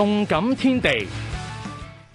動感天地，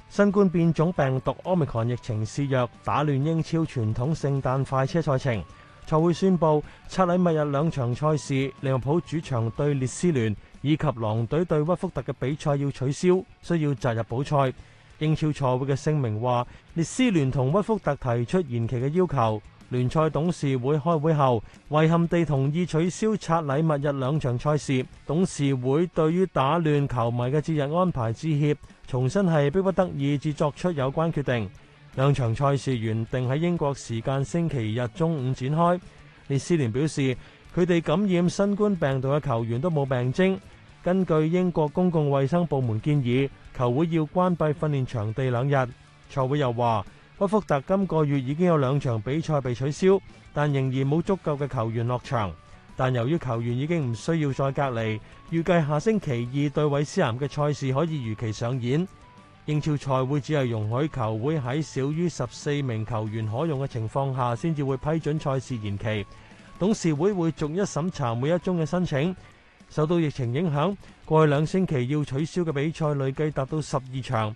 新冠變種病毒 Omicron 疫情肆虐，打亂英超傳統聖誕快車賽程。賽會宣布，拆禮物日兩場賽事，利物浦主場對列斯聯以及狼隊對屈福特嘅比賽要取消，需要擇日補賽。英超賽會嘅聲明話，列斯聯同屈福特提出延期嘅要求。聯賽董事會開會後，遺憾地同意取消拆禮物日兩場賽事。董事會對於打亂球迷嘅節日安排致歉，重申係迫不得已至作出有關決定。兩場賽事原定喺英國時間星期日中午展開。列斯聯表示，佢哋感染新冠病毒嘅球員都冇病徵。根據英國公共衛生部門建議，球會要關閉訓練場地兩日。賽會又話，屈福特今個月已經有兩場比賽被取消，但仍然冇足夠嘅球員落場。但由於球員已經唔需要再隔離，預計下星期二對韋斯咸嘅賽事可以如期上演。英超賽會只係容許球會喺少於十四名球員可用嘅情況下，先至會批准賽事延期。董事會會逐一審查每一宗嘅申請。受到疫情影響，過去兩星期要取消嘅比賽累計達到十二場。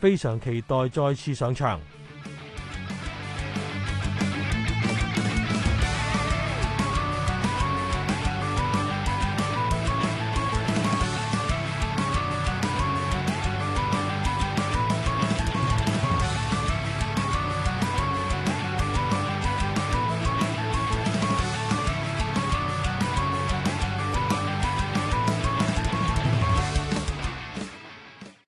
非常期待再次上場。